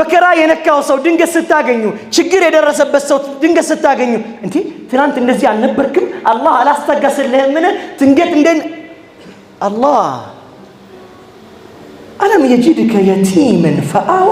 መከራ የነካው ሰው ድንገት ስታገኙ፣ ችግር የደረሰበት ሰው ድንገት ስታገኙ፣ እንዴ ትናንት እንደዚህ አልነበርክም? አላህ አላስታጋስልህምን? ድንገት እንደ አላህ አለም የጅድከ የቲመን ፈአዋ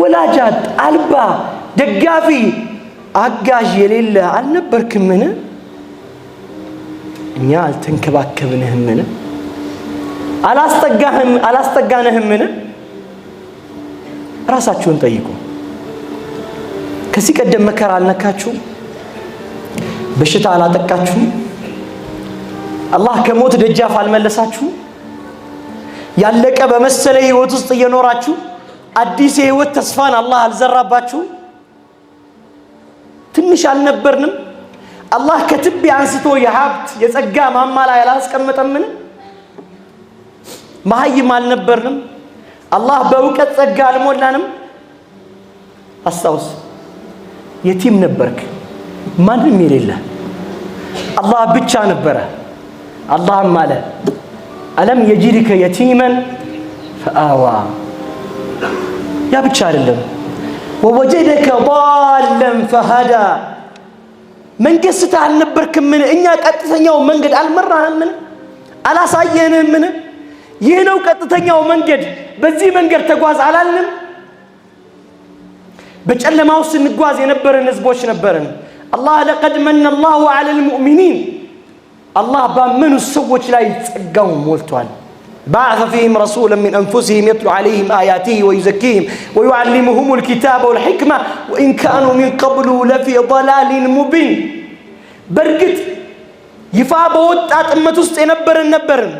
ወላጃት አልባ ደጋፊ አጋዥ የሌለ አልነበርክምን? እኛ አልተንከባከብንህምን? አላስጠጋንህምን? ራሳችሁን ጠይቁ። ከዚህ ቀደም መከራ አልነካችሁም? በሽታ አላጠቃችሁም? አላህ ከሞት ደጃፍ አልመለሳችሁም? ያለቀ በመሰለ ህይወት ውስጥ እየኖራችሁ አዲስ የህይወት ተስፋን አላህ አልዘራባችሁም? ትንሽ አልነበርንም? አላህ ከትቢያ አንስቶ የሀብት የጸጋ ማማ ላይ አላስቀመጠምን? መሀይም አልነበርንም። አላህ በእውቀት ጸጋ አልሞላንም። አስታውስ፣ የቲም ነበርክ፣ ማንም የሌለ አላህ ብቻ ነበረ። አላህም አለ አለም የጅድከ የቲመን ፈአዋ። ያ ብቻ አይደለም፣ ወወጀደከ ዳለን ፈሃዳ። መንገድ ስተህ አልነበርክምን? እኛ ቀጥተኛው መንገድ አልመራህምን? አላሳየንምን? ይህ ነው ቀጥተኛው መንገድ፣ በዚህ መንገድ ተጓዝ አላልንም? በጨለማ ውስጥ ስንጓዝ የነበርን ህዝቦች ነበርን። አላህ ለቀድ መነ አላሁ ዐለ ልሙእሚኒን አላህ ባመኑ ሰዎች ላይ ጸጋው ሞልቷል። ባዕሰ ፊህም ረሱለን ሚን አንፉሲህም፣ የትሉ ዐለይሂም አያቲህ ወዩዘኪሂም ወዩዐሊሙሁም ልኪታብ ወልሕክማ ወኢን ካኑ ሚን ቀብሉ ለፊ ضላሊን ሙቢን። በእርግጥ ይፋ በወጣ ጥመት ውስጥ የነበረን ነበርን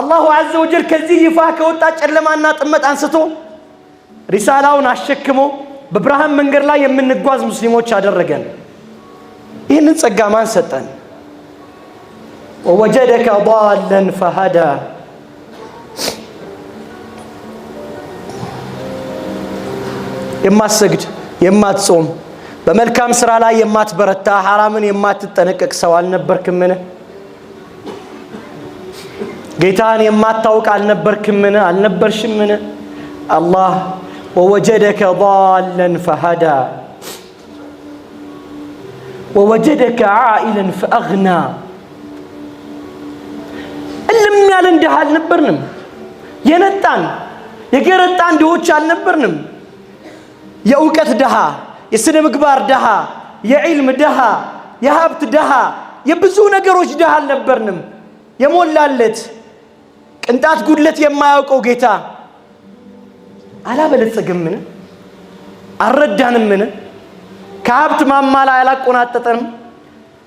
አላሁ አዘ ወጀል ከዚህ ይፋ ከወጣ ጨለማና ጥመት አንስቶ ሪሳላውን አሸክሞ በብርሃን መንገድ ላይ የምንጓዝ ሙስሊሞች አደረገን። ይህንን ጸጋ ማን ሰጠን? ወወጀደከ ዳለን ፈሃዳ የማትሰግድ የማትጾም በመልካም ስራ ላይ የማትበረታ ሐራምን የማትጠነቀቅ ሰው አልነበርክምን? ጌታን የማታውቅ አልነበርክምን? አልነበርሽምን? አላህ ወወጀደከ ዳለን ፈሀዳ ወወጀደከ ዓኢለን ፈአግና እልም ያለን ድሃ አልነበርንም። የነጣን የገረጣን ድሆች አልነበርንም። የእውቀት ድሃ፣ የሥነ ምግባር ድሃ፣ የዒልም ድሃ፣ የሀብት ድሃ፣ የብዙ ነገሮች ድሃ አልነበርንም። የሞላለት ቅንጣት ጉድለት የማያውቀው ጌታ አላበለጸግምን? አልረዳንምን? ከሀብት ማማ ላይ አላቆናጠጠም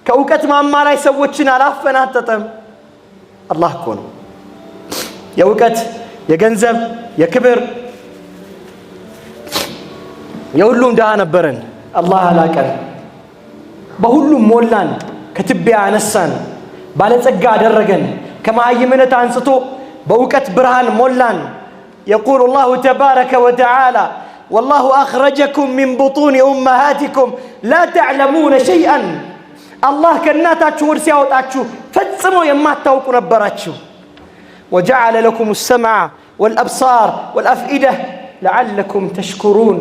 ከእውቀት ማማ ላይ ሰዎችን አላፈናጠጠም? አላህ እኮ ነው የእውቀት የገንዘብ የክብር የሁሉም ድሃ ነበረን። አላህ አላቀን፣ በሁሉም ሞላን፣ ከትቢያ አነሳን፣ ባለጸጋ አደረገን፣ ከመሀይምነት አንስቶ በእውቀት ብርሃን ሞላን። የቁሉ ላሁ ተባረከ ወተዓላ ወላሁ አኽረጀኩም ሚን ቡጡኒ ኡመሃቲኩም ላ ተዕለሙነ ሸይአን አላህ ከእናታችሁ ውድ ሲያወጣችሁ ፈጽሞ የማታውቁ ነበራችሁ። ወጀዓለ ለኩም ሰምዐ ወልአብሳር ወልአፍኢደ ለዓለኩም ተሽኩሩን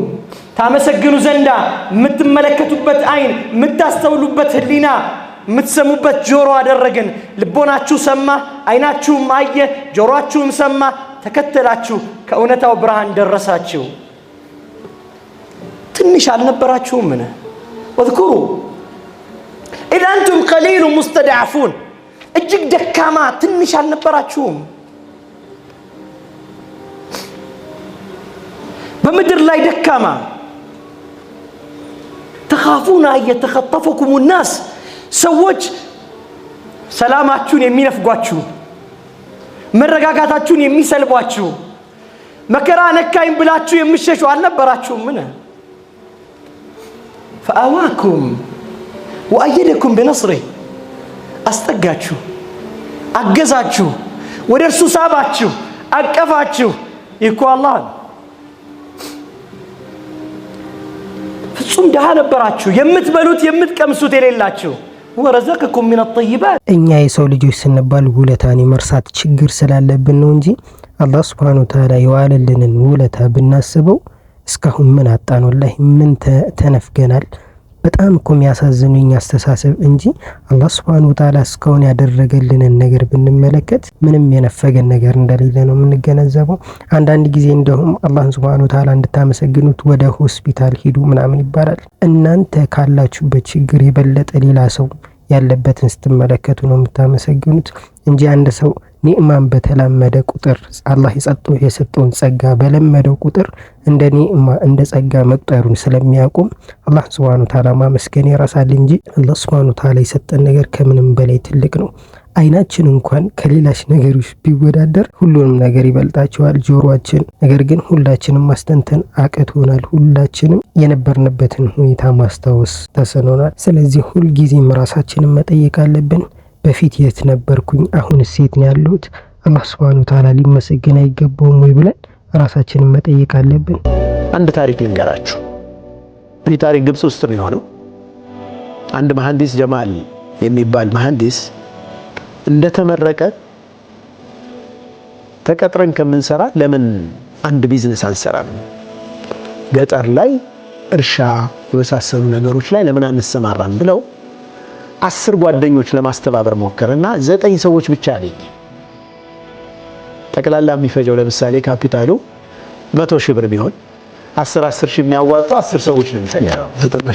ታመሰግኑ ዘንዳ የምትመለከቱበት አይን የምታስተውሉበት ህሊና የምትሰሙበት ጆሮ አደረገን። ልቦናችሁ ሰማ፣ አይናችሁም አየ፣ ጆሮአችሁም ሰማ፣ ተከተላችሁ፣ ከእውነታው ብርሃን ደረሳችሁ። ትንሽ አልነበራችሁም? ምን ወዝኩሩ ኢዝ አንቱም ቀሊሉ ሙስተድዓፉን እጅግ ደካማ ትንሽ አልነበራችሁም? በምድር ላይ ደካማ ተኻፉና እየተኸጠፈኩም ናስ ሰዎች ሰላማችሁን የሚነፍጓችሁ፣ መረጋጋታችሁን የሚሰልቧችሁ፣ መከራ ነካይም ብላችሁ የምሸሹ አልነበራችሁም? ምን ፈአዋኩም ወአየደኩም ብነስሬ አስጠጋችሁ፣ አገዛችሁ፣ ወደ እርሱ ሳባችሁ፣ አቀፋችሁ። ይህ እኮ አላህ ነው። ፍጹም ድሃ ነበራችሁ፣ የምትበሉት የምትቀምሱት የሌላችሁ ወረዘቅኩም ሚነ ጠይባት እኛ የሰው ልጆች ስንባል ውለታን የመርሳት ችግር ስላለብን ነው እንጂ አላህ ስብሐነሁ ወተዓላ የዋለልንን ውለታ ብናስበው እስካሁን ምን አጣን? ወላሂ ምን ተነፍገናል? በጣም እኮ የሚያሳዝኑኝ አስተሳሰብ እንጂ አላህ ስብሃነ ወተዓላ እስካሁን ያደረገልንን ነገር ብንመለከት ምንም የነፈገን ነገር እንደሌለ ነው የምንገነዘበው። አንዳንድ ጊዜ እንደውም አላህን ስብሃነ ወተዓላ እንድታመሰግኑት ወደ ሆስፒታል ሂዱ ምናምን ይባላል። እናንተ ካላችሁበት ችግር የበለጠ ሌላ ሰው ያለበትን ስትመለከቱ ነው የምታመሰግኑት እንጂ አንድ ሰው ኒዕማን በተላመደ ቁጥር አላህ የሰጠውን ጸጋ በለመደው ቁጥር እንደ ኒዕማ እንደ ጸጋ መቁጠሩን ስለሚያቁም አላህ ስብሃኑ ታላ ማመስገን የራሳል እንጂ አላህ ስብሃኑ ታላ የሰጠን ነገር ከምንም በላይ ትልቅ ነው። አይናችን እንኳን ከሌላች ነገሮች ቢወዳደር ሁሉንም ነገር ይበልጣቸዋል ጆሮችን ነገር ግን ሁላችንም ማስተንተን አቅቶናል። ሁላችንም የነበርንበትን ሁኔታ ማስታወስ ተስኖናል። ስለዚህ ሁልጊዜም ራሳችንን መጠየቅ አለብን። በፊት የት ነበርኩኝ? አሁን ሴት ነው ያለሁት። አላህ ስብሃነሁ ተዓላ ሊመሰገን አይገባውም ወይ ብለን ራሳችንን መጠየቅ አለብን። አንድ ታሪክ ልንገራችሁ። ይህ ታሪክ ግብጽ ውስጥ ነው የሆነው። አንድ መሐንዲስ ጀማል የሚባል መሐንዲስ እንደተመረቀ ተቀጥረን ከምንሰራ ለምን አንድ ቢዝነስ አንሰራም? ገጠር ላይ እርሻ የመሳሰሉ ነገሮች ላይ ለምን አንሰማራም ብለው አስር ጓደኞች ለማስተባበር ሞከረ እና ዘጠኝ ሰዎች ብቻ አገኘ። ጠቅላላ የሚፈጀው ለምሳሌ ካፒታሉ መቶ ሺህ ብር ቢሆን አስር አስር ሺህ የሚያዋጡ አስር ሰዎች ነው የሚፈጀው። ዘጠና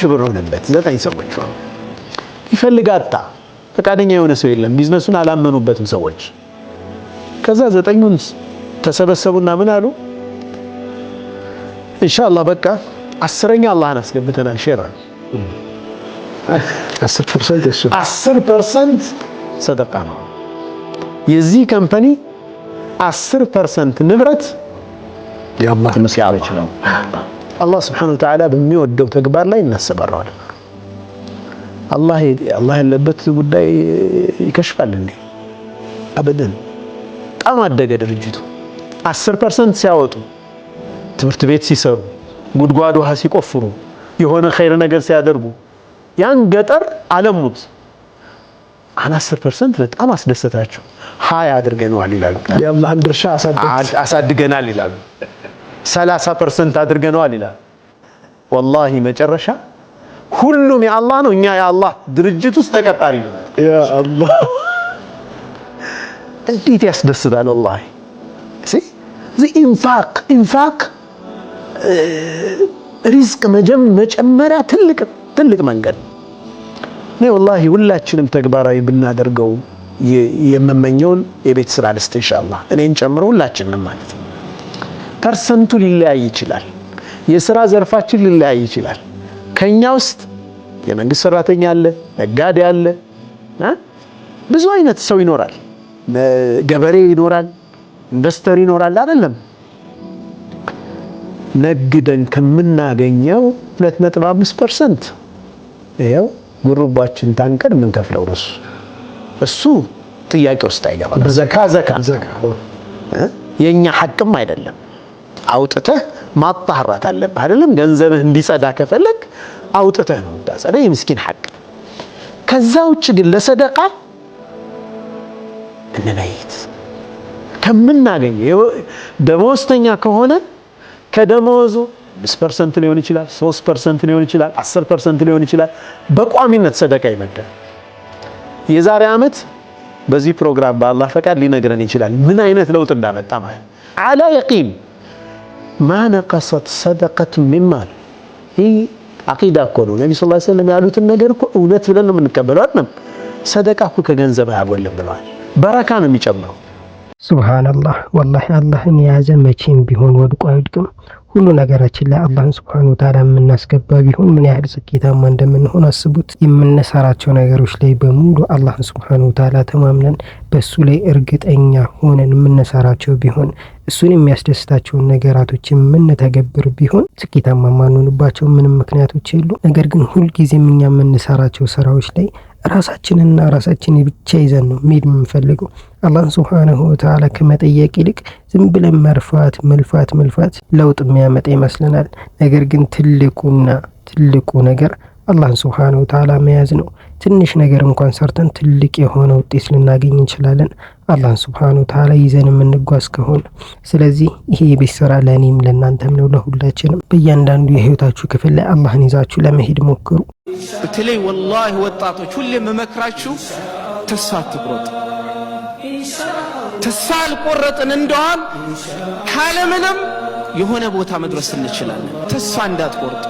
ሺህ ብር ሆነበት። ዘጠኝ ሰዎች ይፈልግ አጣ። ፈቃደኛ የሆነ ሰው የለም። ቢዝነሱን አላመኑበትም ሰዎች። ከዛ ዘጠኙን ተሰበሰቡና ምን አሉ? ኢንሻአላህ በቃ አስረኛ አላህን አስገብተናል ሼር አስር ፐርሰንት ሰደቃ ነው። የዚህ ካምፓኒ አስር ፐርሰንት ንብረት ምስጋኖች ነው። አላህ ስብሐነሁ ወተዓላ በሚወደው ተግባር ላይ እናሰባረዋለን። አላህ ያለበት ጉዳይ ይከሽፋል እንዴ? አበደን። በጣም አደገ ድርጅቱ። አስር ፐርሰንት ሲያወጡ ትምህርት ቤት ሲሰሩ፣ ጉድጓድ ውሃ ሲቆፍሩ፣ የሆነ ኸይር ነገር ሲያደርጉ ያን ገጠር አለሙት። አስር ፐርሰንት በጣም አስደሰታቸው። ሀያ አድርገነዋል ይላሉ። የአላህን ድርሻ አሳድገናል ይላሉ። ሰላሳ ፐርሰንት አድርገነዋል ይላሉ። ወላሂ መጨረሻ ሁሉም የአላህ ነው። እኛ የአላህ ድርጅት ውስጥ ተቀጣሪ ነው። እንዴት ያስደስታል! ወላሂ ኢንፋቅ ኢንፋቅ ሪዝቅ መጀመሪያ ትልቅ ትልቅ መንገድ እኔ ወላሂ ሁላችንም ተግባራዊ ብናደርገው የምመኘውን የቤት ስራ ልስጥ ኢንሻአላህ እኔን ጨምሮ ሁላችንም ማለት ፐርሰንቱ ሊለያይ ይችላል። የስራ ዘርፋችን ሊለያይ ይችላል። ከኛ ውስጥ የመንግስት ሰራተኛ አለ፣ ነጋዴ አለ፣ ብዙ አይነት ሰው ይኖራል። ገበሬ ይኖራል፣ ኢንቨስተር ይኖራል። አይደለም ነግደን ከምናገኘው 2.5% ይኸው ጉሩባችን ታንቀድ ምን ከፍለው ነው እሱ ጥያቄ ውስጥ አይገባም። ዘካ ዘካ ዘካ የኛ ሐቅም አይደለም። አውጥተህ ማጣራት አለብህ አይደለም። ገንዘብህ እንዲጸዳ ከፈለግ አውጥተህ ነው የምታጸዳ፣ የምስኪን ሐቅ። ከዛ ውጭ ግን ለሰደቃ እንለይት ከምናገኘው ደመወዝተኛ ከሆነ ከደሞዙ አምስት ፐርሰንት ሊሆን ይችላል፣ ሶስት ፐርሰንት ሊሆን ይችላል፣ አስር ፐርሰንት ሊሆን ይችላል። በቋሚነት ሰደቃ ይመደብ። የዛሬ ዓመት በዚህ ፕሮግራም በአላህ ፈቃድ ሊነግረን ይችላል ምን አይነት ለውጥ እንዳመጣ ማለት አላ የቂን ማ ሰደቀት ሚማል ይህ አቂዳ እኮ ነው። ነቢ ስ ስለም ያሉትን ነገር እኮ እውነት ብለን ነው የምንቀበለው። አይደለም ሰደቃ እኮ ከገንዘብ አያጎልም ብለዋል። በረካ ነው የሚጨምረው። ሱብሃነላህ ወላሂ አላህን የያዘ መቼም ቢሆን ወድቆ አይወድቅም። ሁሉ ነገራችን አላህን ስብሃነ ወተዓላ የምናስገባ ቢሆን ምን ያህል ስኬታማ እንደምንሆን አስቡት። የምንሰራቸው ነገሮች ላይ በሙሉ አላህን ስብሃነ ወተዓላ ተማምነን በሱ ላይ እርግጠኛ ሆነን የምንሰራቸው ቢሆን እሱን የሚያስደስታቸውን ነገራቶች የምንተገብር ቢሆን ስኬታማ ማንሆንባቸው ምንም ምክንያቶች የሉ። ነገር ግን ሁልጊዜም እኛ የምንሰራቸው ስራዎች ላይ ራሳችንና ራሳችን ብቻ ይዘን ነው መሄድ የምንፈልገው። አላህን ስብሓነሁ ወተዓላ ከመጠየቅ ይልቅ ዝም ብለን መርፋት መልፋት መልፋት ለውጥ የሚያመጣ ይመስለናል። ነገር ግን ትልቁና ትልቁ ነገር አላህን ስብሓነሁ ወተዓላ መያዝ ነው። ትንሽ ነገር እንኳን ሰርተን ትልቅ የሆነ ውጤት ልናገኝ እንችላለን። አላህን ስብሓን ታላ ይዘን የምንጓዝ ከሆነ ስለዚህ ይሄ የቤት ስራ ለእኔም ለእናንተም ነው ለሁላችንም። በእያንዳንዱ የህይወታችሁ ክፍል ላይ አላህን ይዛችሁ ለመሄድ ሞክሩ። በተለይ ወላሂ ወጣቶች ሁሌ የምመክራችሁ ተስፋ አትቁረጡ። ተስፋ አልቆረጥን እንደዋል ካለምንም የሆነ ቦታ መድረስ እንችላለን። ተስፋ እንዳትቆርጡ።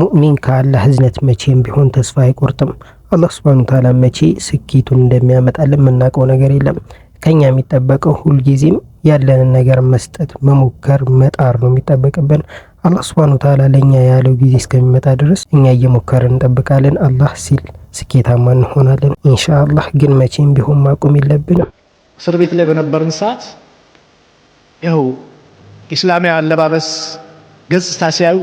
ሙእሚን ከአላህ ህዝነት መቼም ቢሆን ተስፋ አይቆርጥም። አላህ ስብሃነ ወተዓላ መቼ ስኬቱን እንደሚያመጣልን የምናውቀው ነገር የለም። ከኛ የሚጠበቀው ሁልጊዜም ያለንን ነገር መስጠት፣ መሞከር፣ መጣር ነው የሚጠበቅብን። አላህ ስብሃነ ወተዓላ ለእኛ ያለው ጊዜ እስከሚመጣ ድረስ እኛ እየሞከርን እንጠብቃለን። አላህ ሲል ስኬታማ እንሆናለን ኢንሻአላህ። ግን መቼም ቢሆን ማቆም የለብንም። እስር ቤት ላይ በነበርን ሰዓት ይኸው ኢስላማዊ አለባበስ ገጽታ ሲያዩ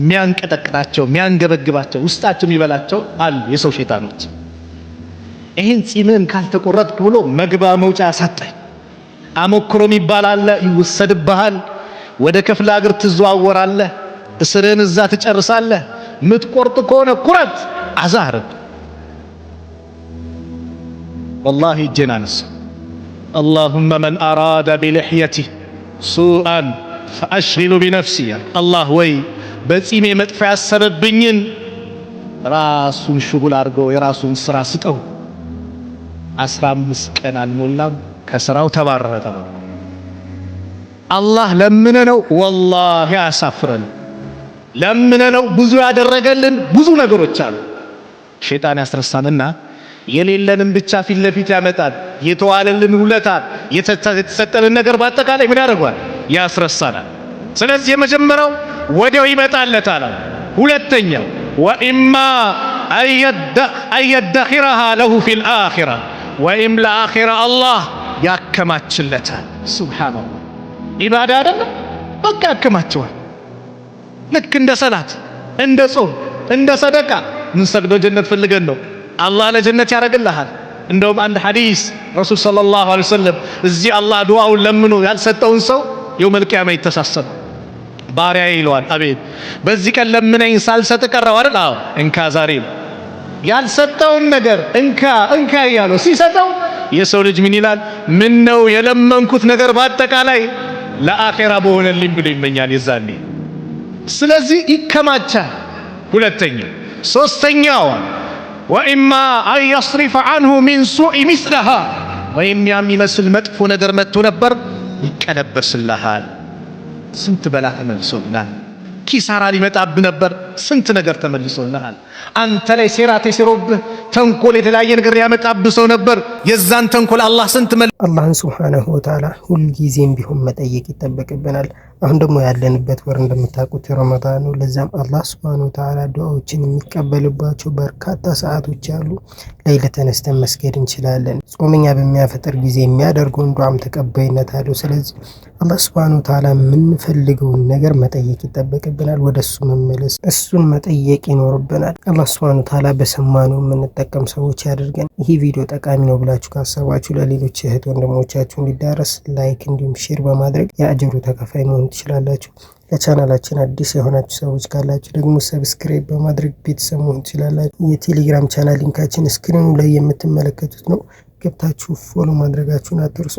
የሚያንቀጠቅጣቸው የሚያንገበግባቸው ውስጣቸው የሚበላቸው አሉ የሰው ሸይጣኖች ይህን ጺምህን ካልተቆረጥክ ብሎ መግባ መውጫ ያሳጣኝ አሞክሮም የሚባል አለ፣ ይወሰድብሃል። ወደ ክፍለ ሀገር ትዘዋወራለህ፣ እስርህን እዛ ትጨርሳለህ። ምትቆርጥ ከሆነ ቁረጥ። አዛርብ ወላሂ እጄን አነሳ። አላሁመ መን አራደ ቢልሕየቲህ ሱአን ፈአሽጊሉ ቢነፍሲ አላህ ወይ በጺሜ መጥፎ ያሰበብኝን ራሱን ሽጉል አድርገው የራሱን ስራ ስጠው። 15 ቀን አልሞላም ከስራው ተባረረ ተባለ። አላህ ለምነ ነው ወላሂ አያሳፍረን። ለምነ ነው ብዙ ያደረገልን ብዙ ነገሮች አሉ። ሸይጣን ያስረሳንና የሌለንም ብቻ ፊት ለፊት ያመጣል። የተዋለልን ውለታል፣ የተሰጠንን ነገር በአጠቃላይ ምን ያደርጓል? ያስረሳናል። ስለዚህ የመጀመሪያው ወዲያው ይመጣለታል። ሁለተኛው ወኢማ አየደኺረሃ ለሁ ፊል አኺራ ወይም ለአኼራ አላህ ያከማችለት ሱብሓነላህ ኢባዳ አይደለም በቃ ያከማቸዋል። ልክ እንደ ሰላት፣ እንደ ጾም፣ እንደ ሰደቃ ምን ሰግዶ ጀነት ፈልገን ነው አላህ ለጀነት ያደርግልሃል። እንደውም አንድ ሐዲስ ረሱል ሰለላሁ ዐለይሂ ወሰለም እዚህ አላህ ዱዓውን ለምኖ ያልሰጠውን ሰው የውመል ቂያማ ይተሳሰብ ባሪያዬ ይለዋል። አቤት በዚህ ቀን ለምነኝ ሳልሰጥ ቀረው አይደል? አዎ እንካ ዛሬ ያልሰጠውን ነገር እንካ እንካ እያለው ሲሰጠው የሰው ልጅ ምን ይላል? ምን ነው የለመንኩት ነገር በአጠቃላይ ለአኼራ በሆነልኝ ብሎ ይመኛል የዛኔ። ስለዚህ ይከማቻል። ሁለተኛው ሶስተኛው ወኢማ አን የስሪፈ አንሁ ሚን ሱኢ ሚስለሃ ወይም ያ የሚመስል መጥፎ ነገር መጥቶ ነበር ይቀለበስልሃል። ስንት በላ ተመልሶብናል። ኪሳራ ሊመጣብህ ነበር። ስንት ነገር ተመልሶልሃል። አንተ ላይ ሴራ ተሴሮብህ ተንኮል፣ የተለያየ ነገር ያመጣብህ ሰው ነበር። የዛን ተንኮል አላህ ስንት አላህን ሱብሓነሁ ወተዓላ ሁልጊዜም ቢሆን መጠየቅ ይጠበቅብናል። አሁን ደግሞ ያለንበት ወር እንደምታውቁት ረመዳን ነው። ለዛም አላህ ስብሃነ ወተዓላ ዱዓዎችን የሚቀበልባቸው በርካታ ሰዓቶች አሉ። ሌሊት ተነስተን መስገድ እንችላለን። ጾመኛ በሚያፈጥር ጊዜ የሚያደርገውን ዱዓም ተቀባይነት አለው። ስለዚህ አላህ ስብሃነ ወተዓላ የምንፈልገውን ነገር መጠየቅ ይጠበቅብናል። ወደ እሱ መመለስ፣ እሱን መጠየቅ ይኖርብናል። አላህ ስብሃነ ወተዓላ በሰማነው የምንጠቀም ሰዎች ያደርገን። ይህ ቪዲዮ ጠቃሚ ነው ብላችሁ ካሰባችሁ ለሌሎች እህት ወንድሞቻችሁ እንዲዳረስ ላይክ እንዲሁም ሼር በማድረግ የአጀሩ ተካፋይ መሆን ትችላላችሁ። ለቻናላችን አዲስ የሆናችሁ ሰዎች ካላችሁ ደግሞ ሰብስክራይብ በማድረግ ቤተሰብ መሆን ትችላላችሁ። የቴሌግራም ቻናል ሊንካችን ስክሪኑ ላይ የምትመለከቱት ነው። ገብታችሁ ፎሎ ማድረጋችሁን አትርሱ።